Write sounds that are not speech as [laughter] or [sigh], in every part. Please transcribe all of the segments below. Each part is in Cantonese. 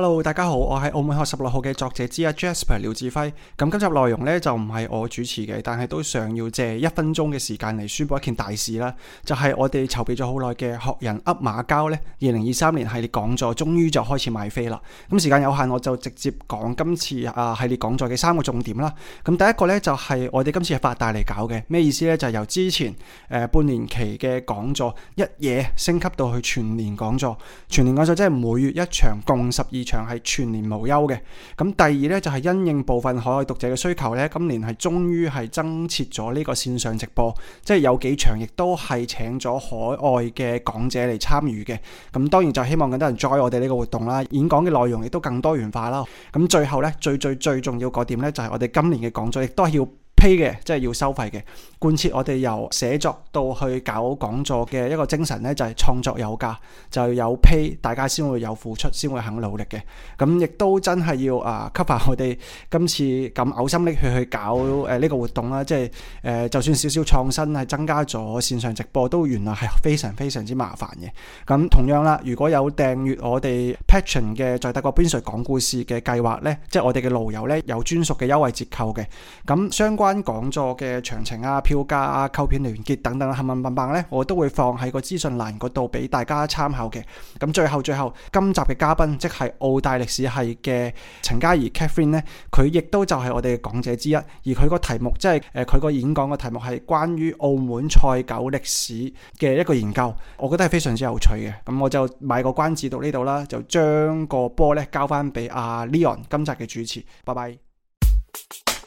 hello，大家好，我係澳門學十六號嘅作者之一 Jasper 廖志輝。咁今集內容呢，就唔係我主持嘅，但係都想要借一分鐘嘅時間嚟宣佈一件大事啦。就係、是、我哋籌備咗好耐嘅學人噏馬交，呢二零二三年系列講座終於就開始買飛啦。咁時間有限，我就直接講今次啊系列講座嘅三個重點啦。咁第一個呢，就係、是、我哋今次係發大嚟搞嘅，咩意思呢？就係、是、由之前誒、呃、半年期嘅講座一夜升級到去全年講座，全年講座即係每月一場，共十二。場係全年無休嘅，咁第二呢，就係、是、因應部分海外讀者嘅需求呢，今年係終於係增設咗呢個線上直播，即係有幾場，亦都係請咗海外嘅講者嚟參與嘅。咁當然就希望更多人 join 我哋呢個活動啦，演講嘅內容亦都更多元化啦。咁最後呢，最最最重要嗰點呢，就係、是、我哋今年嘅講座亦都係要 pay 嘅，即係要收費嘅。貫徹我哋由寫作到去搞講座嘅一個精神咧，就係、是、創作有價，就有 pay，大家先會有付出，先會肯努力嘅。咁亦都真係要啊，cover 我哋今次咁嘔心瀝血去搞誒呢、呃這個活動啦。即係誒、呃，就算少少創新，係增加咗線上直播，都原來係非常非常之麻煩嘅。咁同樣啦，如果有訂閲我哋 Patreon 嘅在帝國邊陲講故事嘅計劃咧，即係我哋嘅路友咧有專屬嘅優惠折扣嘅。咁相關講座嘅詳情啊～票價啊、購片連結等等，冚冚唪唥咧，我都會放喺個資訊欄嗰度俾大家參考嘅。咁最後最後，今集嘅嘉賓即係澳大歷史系嘅陳家怡 Catherine 咧，佢亦都就係我哋嘅講者之一，而佢個題目即係誒，佢、呃、個演講嘅題目係關於澳門賽狗歷史嘅一個研究，我覺得係非常之有趣嘅。咁我就買個關子到呢度啦，就將個波咧交翻俾阿 Leon 今集嘅主持，拜拜。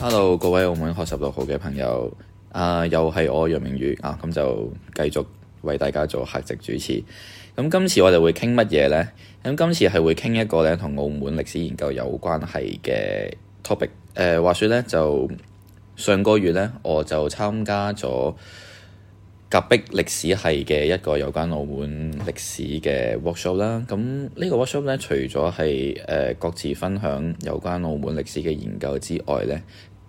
hello，各位澳門學十六號嘅朋友，啊，又係我楊鳴宇啊，咁就繼續為大家做客席主持。咁、啊、今次我哋會傾乜嘢呢？咁、啊、今次係會傾一個呢，同澳門歷史研究有關係嘅 topic。誒、啊，話說呢，就上個月呢，我就參加咗隔壁歷史系嘅一個有關澳門歷史嘅 workshop 啦。咁、啊、呢、這個 workshop 呢，除咗係誒各自分享有關澳門歷史嘅研究之外呢。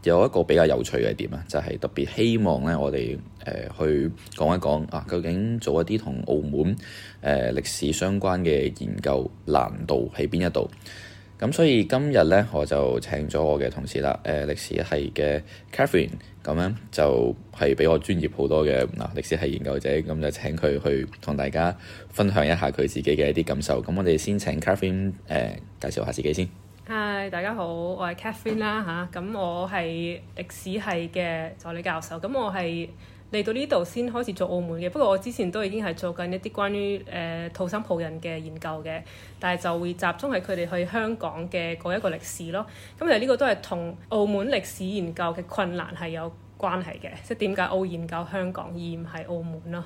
有一個比較有趣嘅點啊，就係、是、特別希望呢，我哋、呃、去講一講啊，究竟做一啲同澳門誒、呃、歷史相關嘅研究難度喺邊一度？咁所以今日呢，我就請咗我嘅同事啦、呃，歷史系嘅 Catherine 咁樣就係比我專業好多嘅嗱，歷史系研究者，咁就請佢去同大家分享一下佢自己嘅一啲感受。咁我哋先請 Catherine 誒、呃、介紹一下自己先。嗨，Hi, 大家好，我係 Catherine 啦、啊、嚇，咁、嗯、我係歷史系嘅助理教授，咁、嗯、我係嚟到呢度先開始做澳門嘅，不過我之前都已經係做緊一啲關於誒、呃、土生葡人嘅研究嘅，但係就會集中喺佢哋去香港嘅嗰一個歷史咯。咁其實呢個都係同澳門歷史研究嘅困難係有關係嘅，即係點解澳研究香港而唔係澳門咯？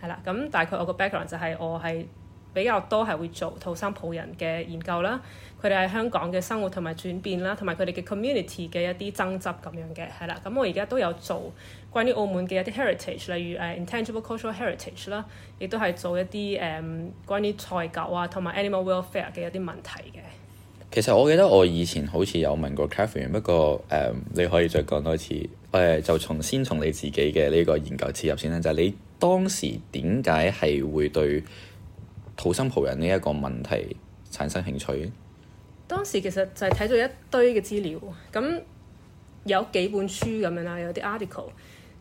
係、嗯、啦，咁、嗯嗯、大概我個 background 就係我係。比較多係會做土生葡人嘅研究啦，佢哋喺香港嘅生活同埋轉變啦，同埋佢哋嘅 community 嘅一啲爭執咁樣嘅係啦。咁、嗯、我而家都有做關於澳門嘅一啲 heritage，例如誒、uh, intangible cultural heritage 啦，亦都係做一啲誒、um, 關於賽狗啊同埋 animal welfare 嘅一啲問題嘅。其實我記得我以前好似有問過 Catherine，不過誒、um, 你可以再講多次誒、呃，就從先從你自己嘅呢個研究切入先啦，就係、是、你當時點解係會對？土生葡人呢一個問題產生興趣。當時其實就係睇咗一堆嘅資料，咁有幾本書咁樣啦，有啲 article，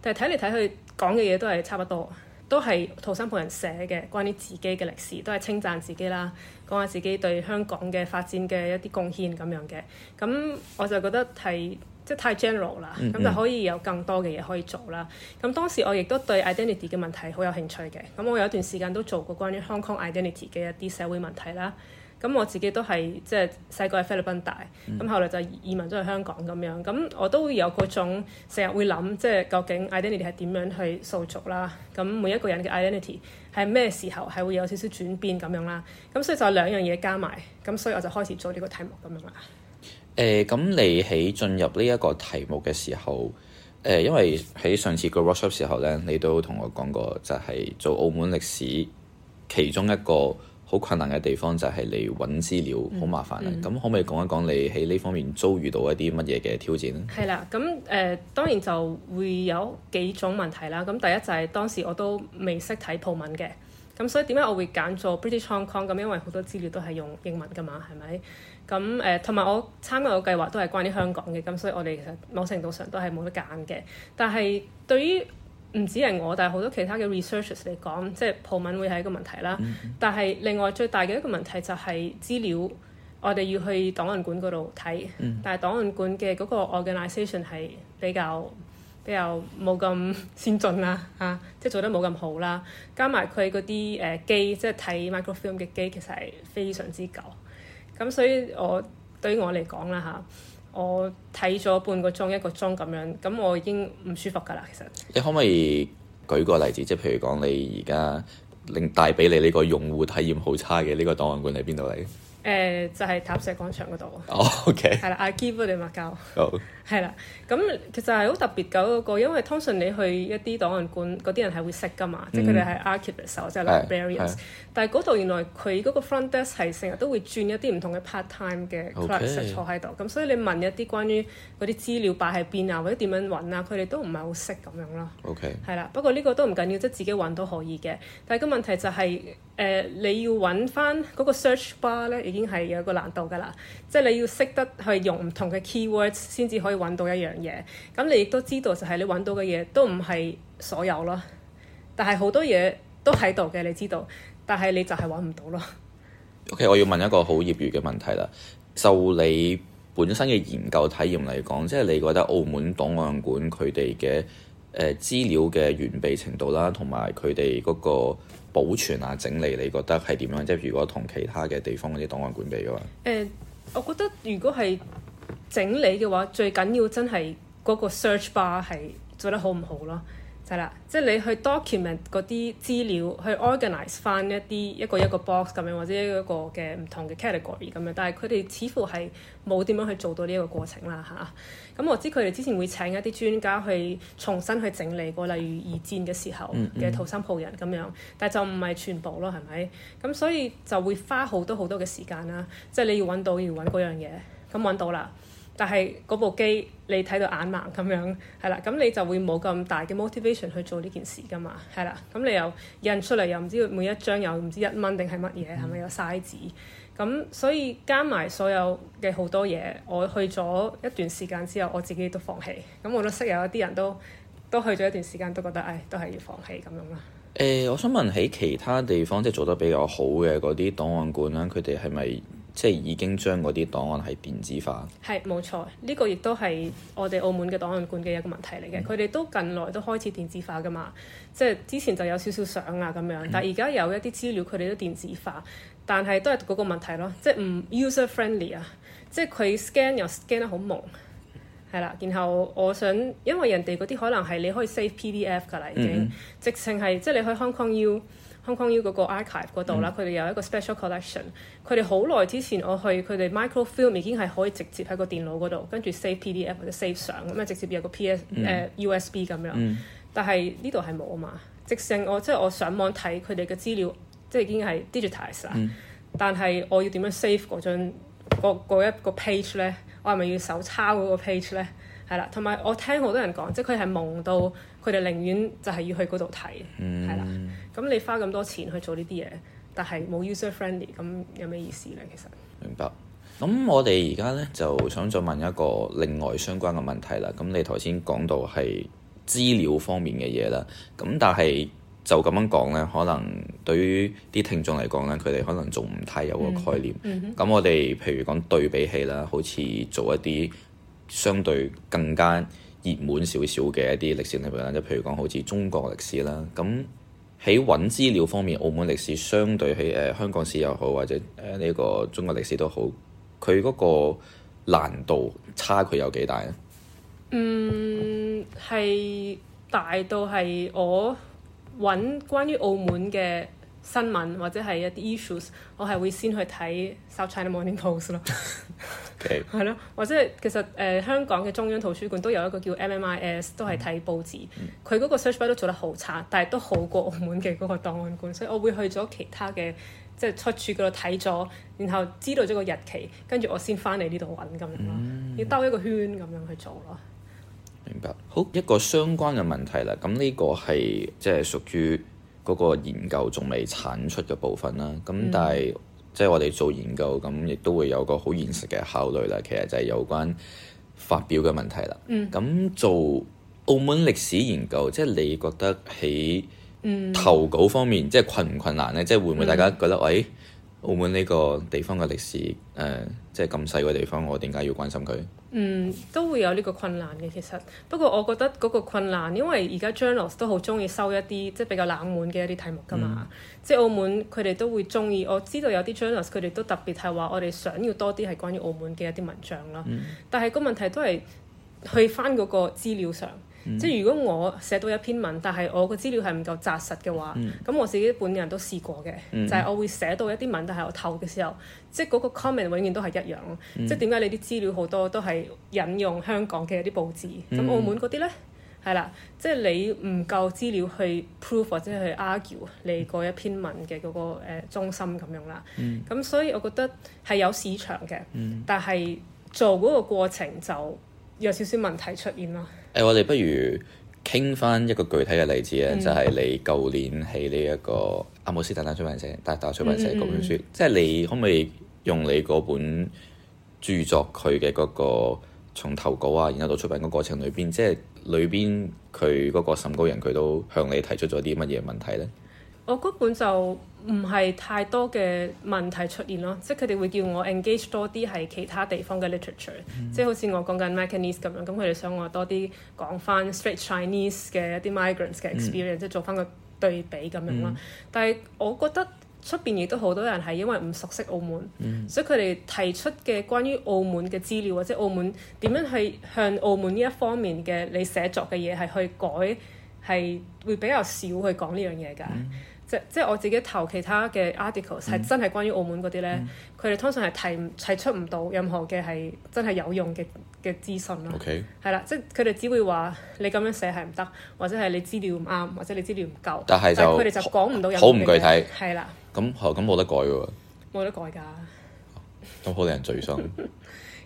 但係睇嚟睇去講嘅嘢都係差不多，都係土生葡人寫嘅，關於自己嘅歷史，都係稱讚自己啦，講下自己對香港嘅發展嘅一啲貢獻咁樣嘅，咁我就覺得係。即係太 general 啦，咁就可以有更多嘅嘢可以做啦。咁當時我亦都對 identity 嘅問題好有興趣嘅。咁我有一段時間都做過關於 Hong Kong identity 嘅一啲社會問題啦。咁我自己都係即係細個喺菲律賓大，咁後來就移民咗去香港咁樣。咁我都會有嗰種成日會諗，即係究竟 identity 係點樣去塑造啦？咁每一個人嘅 identity 係咩時候係會有少少轉變咁樣啦？咁所以就兩樣嘢加埋，咁所以我就開始做呢個題目咁樣啦。誒咁，呃、你喺進入呢一個題目嘅時候，誒、呃、因為喺上次個 workshop 時候咧，你都同我講過，就係、是、做澳門歷史其中一個好困難嘅地方，就係你揾資料好、嗯、麻煩啦。咁、嗯、可唔可以講一講你喺呢方面遭遇到一啲乜嘢嘅挑戰咧？係啦，咁誒、呃、當然就會有幾種問題啦。咁第一就係當時我都未識睇葡文嘅。咁所以點解我會揀做 British Hong Kong 咁因為好多資料都係用英文噶嘛，係咪？咁誒同埋我參加個計劃都係關於香港嘅，咁所以我哋其實某程度上都係冇得揀嘅。但係對於唔止係我，但係好多其他嘅 researchers 嚟講，即係葡文會係一個問題啦。Mm hmm. 但係另外最大嘅一個問題就係資料，我哋要去檔案館嗰度睇，mm hmm. 但係檔案館嘅嗰個 organisation 係比較。比較冇咁先進啦，嚇、啊，即係做得冇咁好啦。加埋佢嗰啲誒機，即係睇 microfilm 嘅機，其實係非常之舊。咁所以我對於我嚟講啦，嚇、啊，我睇咗半個鐘一個鐘咁樣，咁我已經唔舒服㗎啦。其實你可唔可以舉個例子，即係譬如講你而家令帶俾你呢個用戶體驗好差嘅呢、呢個檔案館喺邊度嚟？誒、呃、就係、是、塔石廣場嗰度。哦、oh,，OK 的。係啦，阿 g i v e 我哋物交。好。係啦，咁其實係好特別嘅嗰個，因為通常你去一啲檔案館嗰啲人係會識㗎嘛，嗯、即係佢哋係 archivists 或者 librarians、嗯。Ious, 嗯嗯、但係嗰度原來佢嗰個 front desk 係成日都會轉一啲唔同嘅 part time 嘅 clerks Okay. 坐喺度，咁所以你問一啲關於嗰啲資料擺喺邊啊，或者點樣揾啊，佢哋都唔係好識咁樣咯。OK。係啦，不過呢個都唔緊要，即係自己揾都可以嘅。但係個問題就係、是、誒、呃、你要揾翻嗰個 search bar 咧。已經係有一個難度噶啦，即係你要識得去用唔同嘅 keywords 先至可以揾到一樣嘢。咁你亦都知道，就係你揾到嘅嘢都唔係所有咯。但係好多嘢都喺度嘅，你知道。但係你就係揾唔到咯。OK，我要問一個好業餘嘅問題啦。就你本身嘅研究體驗嚟講，即係你覺得澳門檔案館佢哋嘅誒資料嘅完備程度啦，同埋佢哋嗰個。保存啊，整理，你覺得係點樣？即係如果同其他嘅地方嗰啲檔案館比嘅話，誒、欸，我覺得如果係整理嘅話，最緊要真係嗰個 search bar 係做得好唔好咯。就係啦，即係你去 document 嗰啲資料，去 organize 翻一啲一個一個 box 咁樣，或者一個嘅唔同嘅 category 咁樣。但係佢哋似乎係冇點樣去做到呢一個過程啦嚇。咁、啊嗯、我知佢哋之前會請一啲專家去重新去整理過，例如二戰嘅時候嘅土生葡人咁樣。但係就唔係全部咯，係咪？咁所以就會花好多好多嘅時間啦。即係你要揾到要揾嗰樣嘢，咁揾到啦。但係嗰部機你睇到眼盲咁樣，係啦，咁你就會冇咁大嘅 motivation 去做呢件事噶嘛，係啦，咁你又印出嚟又唔知每一張又唔知一蚊定係乜嘢，係咪、嗯、有 size 嘥紙？咁所以加埋所有嘅好多嘢，我去咗一段時間之後，我自己都放棄。咁我都識有一啲人都都去咗一段時間，都覺得唉、哎，都係要放棄咁樣啦。誒、欸，我想問喺其他地方即係做得比較好嘅嗰啲檔案館咧，佢哋係咪？即係已經將嗰啲檔案係電子化。係冇錯，呢、這個亦都係我哋澳門嘅檔案館嘅一個問題嚟嘅。佢哋、嗯、都近來都開始電子化㗎嘛。即係之前就有少少相啊咁樣，嗯、但係而家有一啲資料佢哋都電子化，但係都係嗰個問題咯。即係唔 user friendly 啊，即係佢 scan 又 scan 得好忙，係啦。然後我想，因為人哋嗰啲可能係你可以 save PDF 㗎啦，已經直情係即係是、嗯、你去 Hong Kong U。Hong Kong U 嗰個 archive 嗰度啦，佢哋、嗯、有一個 special collection。佢哋好耐之前我去，佢哋 microfilm 已經係可以直接喺個電腦嗰度，跟住 save PDF 或者 save 相咁樣，直接有個 PS 誒、嗯呃、USB 咁樣。嗯、但係呢度係冇啊嘛。直成我即係我上網睇佢哋嘅資料，即係已經係 digitized 啦。嗯、但係我要點樣 save 嗰張嗰一個 page 咧？我係咪要手抄嗰個 page 咧？係啦，同埋我聽好多人講，即係佢係夢到佢哋寧願就係要去嗰度睇，係啦、嗯。咁你花咁多錢去做呢啲嘢，但係冇 user friendly，咁有咩意思呢？其實明白，咁我哋而家呢，就想再問一個另外相關嘅問題啦。咁你頭先講到係資料方面嘅嘢啦，咁但係就咁樣講呢，可能對於啲聽眾嚟講呢，佢哋可能仲唔太有個概念。咁、mm hmm. 我哋譬如講對比起啦，好似做一啲相對更加熱門少少嘅一啲歷史嚟講，即譬如講好似中國歷史啦，咁。喺揾資料方面，澳門歷史相對起誒、呃、香港史又好，或者誒呢、呃這個中國歷史都好，佢嗰個難度差距有幾大咧？嗯，係大到係我揾關於澳門嘅新聞或者係一啲 issues，我係會先去睇 South China Morning Post 咯，係咯 Okay. [laughs] 或者係其實誒、呃、香港嘅中央圖書館都有一個叫 MMIS，都係睇報紙，佢嗰、嗯、個 search bar 都做得好差，但係都好過澳門嘅嗰個檔案館，所以我會去咗其他嘅即係出處嗰度睇咗，然後知道咗個日期，跟住我先翻嚟呢度揾咁樣，要兜一個圈咁樣去做咯。明白，好，一個相關嘅問題啦，咁呢個係即係屬於。嗰個研究仲未產出嘅部分啦，咁但係、嗯、即係我哋做研究咁，亦都會有個好現實嘅考慮啦。其實就係有關發表嘅問題啦。咁、嗯、做澳門歷史研究，即係你覺得喺投稿方面，嗯、即係困唔困難咧？即係會唔會大家覺得，喂、嗯哎，澳門呢個地方嘅歷史，誒、呃，即係咁細個地方，我點解要關心佢？嗯，都會有呢個困難嘅，其實不過我覺得嗰個困難，因為而家 journals 都好中意收一啲即係比較冷門嘅一啲題目噶嘛，嗯、即係澳門佢哋都會中意。我知道有啲 journals 佢哋都特別係話我哋想要多啲係關於澳門嘅一啲文章啦，嗯、但係個問題都係去翻嗰個資料上。嗯、即係如果我寫到一篇文，但係我個資料係唔夠紮實嘅話，咁、嗯、我自己本人都試過嘅，嗯、就係我會寫到一啲文，但係我投嘅時候，即係嗰個 comment 永遠都係一樣、嗯、即係點解你啲資料好多都係引用香港嘅一啲報紙？咁、嗯、澳門嗰啲咧係啦，即係、就是、你唔夠資料去 proof 或者去 argue 你嗰一篇文嘅嗰個中心咁樣啦。咁、嗯、所以我覺得係有市場嘅，嗯、但係做嗰個過程就有少少問題出現啦。誒、欸，我哋不如傾翻一個具體嘅例子啊，嗯、就係你舊年喺呢一個《阿姆斯特丹、丹出版社》、《大學出版社》嗰本書，即係、嗯、你可唔可以用你嗰本著作佢嘅嗰個從投稿啊，然後到出版嘅過程裏邊，即係裏邊佢嗰個審稿人佢都向你提出咗啲乜嘢問題咧？我根本就唔係太多嘅問題出現咯，即係佢哋會叫我 engage 多啲係其他地方嘅 literature，、嗯、即係好似我講緊 Macanese 咁樣，咁佢哋想我多啲講翻 Straits Chinese 嘅、嗯、一啲 migrants 嘅 experience，即係做翻個對比咁樣啦。嗯、但係我覺得出邊亦都好多人係因為唔熟悉澳門，嗯、所以佢哋提出嘅關於澳門嘅資料或者澳門點樣去向澳門呢一方面嘅你寫作嘅嘢係去改。係會比較少去講呢樣嘢㗎，即即係我自己投其他嘅 article 係真係關於澳門嗰啲咧，佢哋、mm hmm. 通常係提、提出唔到任何嘅係真係有用嘅嘅資訊咯。OK，係啦，即係佢哋只會話你咁樣寫係唔得，或者係你資料唔啱，或者你資料唔夠，就就但係就講唔到好唔具體。係啦的，咁咁冇得改嘅喎，冇得改㗎，咁 [laughs] 好令人沮喪。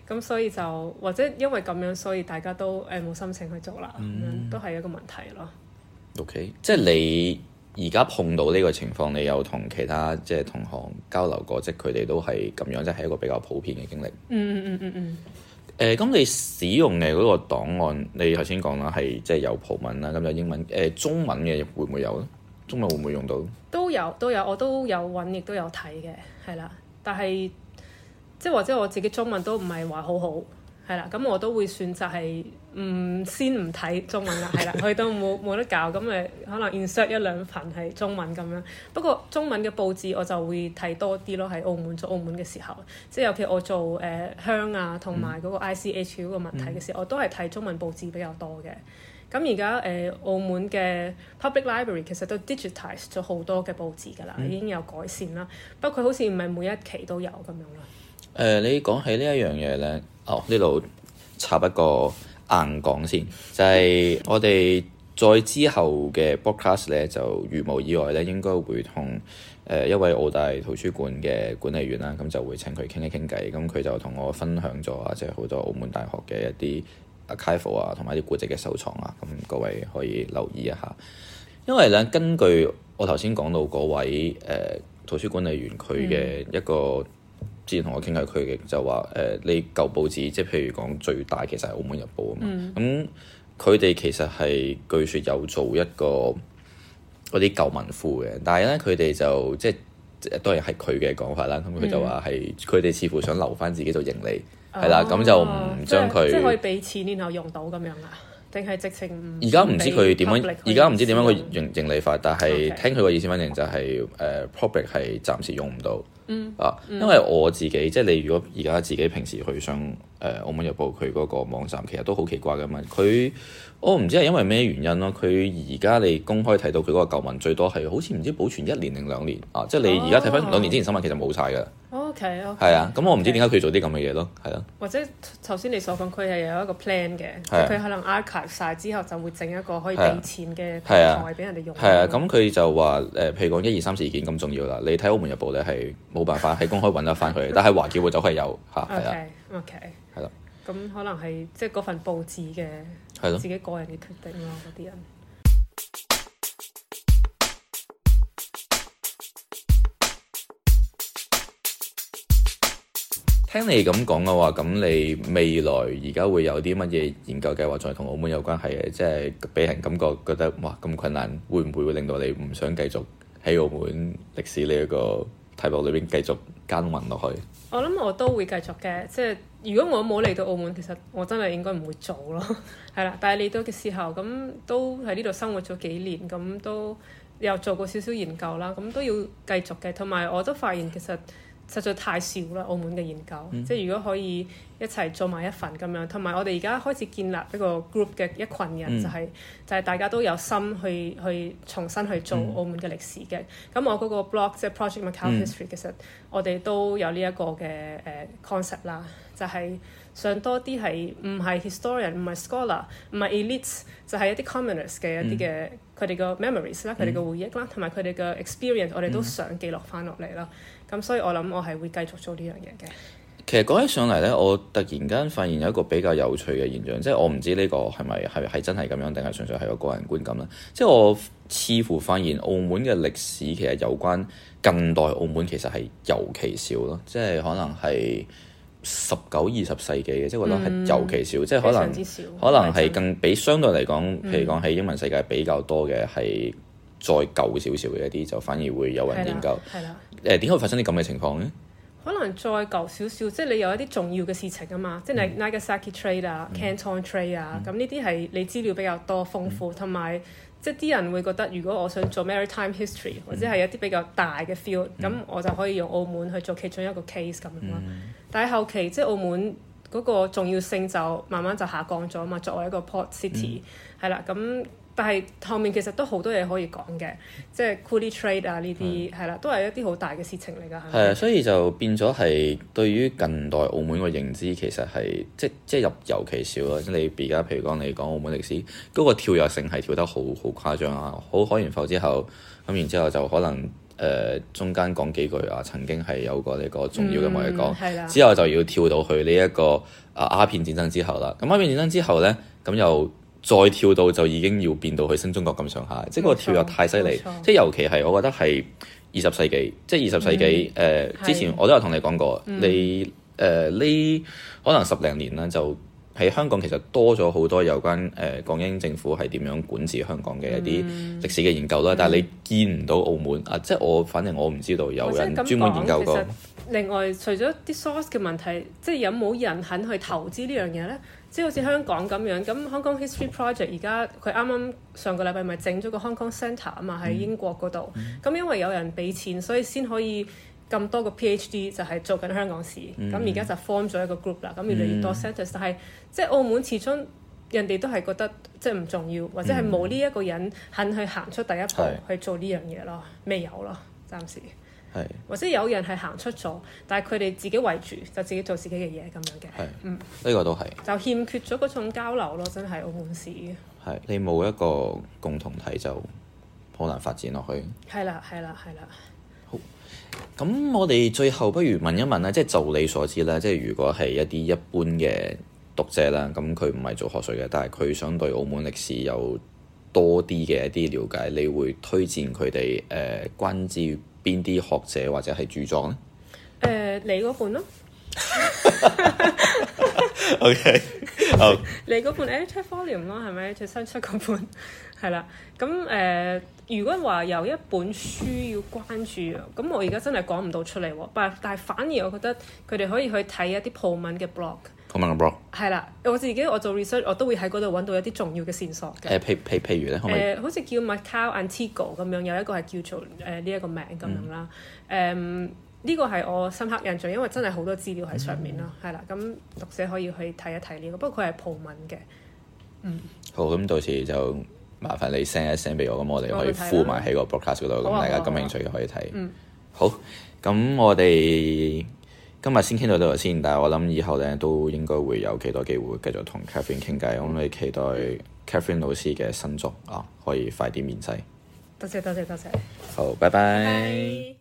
咁 [laughs] 所以就或者因為咁樣，所以大家都誒冇、呃、心情去做啦、嗯嗯。都係一個問題咯。OK，即係你而家碰到呢個情況，你有同其他即係同行交流過，即係佢哋都係咁樣，即係一個比較普遍嘅經歷、嗯。嗯嗯嗯嗯嗯。誒、嗯，咁、呃、你使用嘅嗰個檔案，你頭先講啦，係即係有葡文啦，咁就英文，誒、呃，中文嘅會唔會有咧？中文會唔會用到？都有都有，我都有揾，亦都有睇嘅，係啦。但係即係或者我自己中文都唔係話好好，係啦。咁我都會選擇係。唔先唔睇中文啦，係啦，去到冇冇得搞，咁咪可能 insert 一兩份係中文咁樣。不過中文嘅報紙我就會睇多啲咯，喺澳門做澳門嘅時候，即係尤其我做誒、呃、香啊同埋嗰個 I C H 嗰個問題嘅時候，嗯嗯、我都係睇中文報紙比較多嘅。咁而家誒澳門嘅 public library 其實都 digitize 咗好多嘅報紙㗎啦，嗯、已經有改善啦。不過佢好似唔係每一期都有咁樣咯。誒、呃，你講起呢一樣嘢咧，哦呢度插一個。硬講先，就係、是、我哋再之後嘅 broadcast 咧，就如無意外咧，應該會同誒、呃、一位澳大圖書館嘅管理員啦，咁、嗯、就會請佢傾一傾偈，咁、嗯、佢就同我分享咗啊，即係好多澳門大學嘅一啲啊 archive 啊，同埋啲古籍嘅收藏啊，咁各位可以留意一下。因為咧，根據我頭先講到嗰位誒、呃、圖書管理員佢嘅一個。之前同我傾下佢嘅就話誒、呃，你舊報紙，即係譬如講最大其實係《澳門日報》啊嘛。咁佢哋其實係據説有做一個嗰啲舊文庫嘅，但係咧佢哋就即係當然係佢嘅講法啦。咁、嗯、佢、嗯、就話係佢哋似乎想留翻自己做盈利，係、嗯、啦，咁、哦、就唔將佢即係可以俾錢然後用到咁樣啊。定係直情而家唔知佢點樣，而家唔知點樣佢盈盈利法。但係聽佢個意思反正就係、是、誒 Okay.、uh, public 係暫時用唔到、mm. 啊。因為我自己即係你，如果而家自己平時去上誒 uh,《澳門日報》佢嗰個網站，其實都好奇怪噶嘛。佢我唔知係因為咩原因咯。佢而家你公開睇到佢嗰個舊文，最多係好似唔知保存一年定兩年啊。即係你而家睇翻兩年之前新聞，oh, 其實冇晒噶。okay. oh. 係啊，咁我唔知點解佢做啲咁嘅嘢咯，係咯。或者頭先你所講，佢係有一個 plan 嘅，佢可能 archive 曬之後就會整一個可以提前嘅台同埋俾人哋用。係啊，咁佢就話誒，譬、嗯嗯嗯嗯嗯、如講一二三事件咁重要啦，你睇《澳門日報》咧係冇辦法喺公開揾得翻佢，但係華僑報就係有嚇，係啊。OK OK，係啦，咁、okay, okay. 可能係即係嗰份報紙嘅，自己個人嘅決定咯，嗰啲人。聽你咁講嘅話，咁你未來而家會有啲乜嘢研究計劃仲係同澳門有關係嘅？即係俾人感覺覺得哇咁困難，會唔會會令到你唔想繼續喺澳門歷史呢一個題目裏邊繼續耕耘落去？我諗我都會繼續嘅，即係如果我冇嚟到澳門，其實我真係應該唔會做咯。係 [laughs] 啦，但係嚟到嘅時候，咁都喺呢度生活咗幾年，咁都有做過少少研究啦，咁都要繼續嘅。同埋我都發現其實。實在太少啦！澳門嘅研究，嗯、即係如果可以一齊做埋一份咁樣，同埋我哋而家開始建立一個 group 嘅一群人，嗯、就係、是、就係、是、大家都有心去去重新去做澳門嘅歷史嘅。咁、嗯、我嗰個 blog 即係 Project Macau History，嗯、其實我哋都有呢一個嘅誒、呃、concept 啦，就係、是、想多啲係唔係 historian，唔係 scholar，唔係 elites，就係一啲 commoners 嘅一啲嘅佢哋嘅 memories 啦，佢哋嘅回憶啦，同埋佢哋嘅 experience，我哋都想記錄翻落嚟啦。咁所以我諗我係會繼續做呢樣嘢嘅。其實講起上嚟咧，我突然間發現有一個比較有趣嘅現象，即係我唔知呢個係咪係係真係咁樣，定係純粹係個個人觀感啦。即係我似乎發現澳門嘅歷史其實有關近代澳門，其實係尤其少咯。即係可能係十九二十世紀嘅，即係我覺得係尤其少。嗯、即係可能可能係更、嗯、比相對嚟講，譬如講喺英文世界比較多嘅，係再舊少少嘅一啲，就反而會有人研究。係啦、嗯。嗯嗯誒點解會發生啲咁嘅情況呢？可能再舊少少，即係你有一啲重要嘅事情啊嘛，即係 Nagasaki trade 啊、嗯、Canton trade 啊，咁呢啲係你資料比較多豐富，同埋、嗯、即係啲人會覺得，如果我想做 maritime history、嗯、或者係一啲比較大嘅 field，咁、嗯、我就可以用澳門去做其中一個 case 咁咯。嗯、但係後期即係澳門嗰個重要性就慢慢就下降咗嘛，作為一個 port city，係啦、嗯，咁、嗯。但係後面其實都好多嘢可以講嘅，即係 Coolie Trade 啊呢啲係啦，都係一啲好大嘅事情嚟㗎，係啊，所以就變咗係對於近代澳門嘅認知，其實係即即係入尤其少啦。即係你而家譬如講你講澳門歷史，嗰、那個跳躍性係跳得好好誇張啊！好開完埠之後，咁然之後就可能誒、呃、中間講幾句啊，曾經係有過呢個重要嘅歷史講，嗯、之後就要跳到去呢一個啊鴉片戰爭之後啦。咁鴉片戰爭之後咧，咁又。再跳到就已經要變到去新中國咁上下，即係個跳躍太犀利。冇錯、即係尤其係我覺得係二十世紀，冇錯、即係二十世紀誒之前，我都係同你講過，嗯、你誒呢、呃、可能十零年咧，就喺香港其實多咗好多有關誒、呃、港英政府係點樣管治香港嘅一啲歷史嘅研究啦。嗯、但係你見唔到澳門啊？嗯嗯、即係我反正我唔知道有人專門研究過。嗯、另外，除咗啲 source 嘅問題，即係有冇人肯去投資呢樣嘢咧？即好似香港咁樣，咁香港 History Project 而家佢啱啱上個禮拜咪整咗個 Hong Kong Center 啊嘛，喺英國嗰度。咁、嗯、因為有人俾錢，所以先可以咁多個 PhD 就係做緊香港史。咁而家就 form 咗一個 group 啦。咁越嚟越多 centers，嗯、但係即係澳門始終人哋都係覺得即係唔重要，或者係冇呢一個人肯去行出第一步去做呢樣嘢咯，未有咯，暫時。係，或者有人係行出咗，但係佢哋自己圍住就自己做自己嘅嘢咁樣嘅。係，嗯，呢個都係就欠缺咗嗰種交流咯，真係澳門史。係你冇一個共同體就好難發展落去。係啦，係啦，係啦。好，咁，我哋最後不如問一問咧，即係就你所知咧，即係如果係一啲一般嘅讀者啦，咁佢唔係做學術嘅，但係佢想對澳門歷史有多啲嘅一啲了解，你會推薦佢哋誒關注？邊啲學者或者係著作咧？誒、呃，你嗰本咯、啊。O K，好。你嗰本誒，出《edited volume》咯，係咪？最新出嗰本，係 [laughs] 啦。咁誒、呃，如果話有一本書要關注，咁我而家真係講唔到出嚟。但但係反而我覺得佢哋可以去睇一啲葡文嘅 blog。葡文嘅 blog，係啦，我自己我做 research，我都會喺嗰度揾到一啲重要嘅線索嘅。誒，譬譬如咧，好似叫 Macau Antigo 咁樣，有一個係叫做誒呢一個名咁樣啦。誒，呢個係我深刻印象，因為真係好多資料喺上面囉。係啦，咁讀者可以去睇一睇呢個。不過佢係葡文嘅。嗯，好，咁到時就麻煩你 send 一 send 俾我，咁我哋可以附埋喺個 broadcast 度，咁大家感興趣可以睇。好，咁我哋。今日先傾到呢度先，但係我諗以後咧都應該會有幾多機會繼續同 Catherine 傾偈，我、嗯、哋期待 Catherine 老師嘅新作啊可以快啲面世。多謝多謝多謝。謝謝謝謝，好，拜拜。Bye bye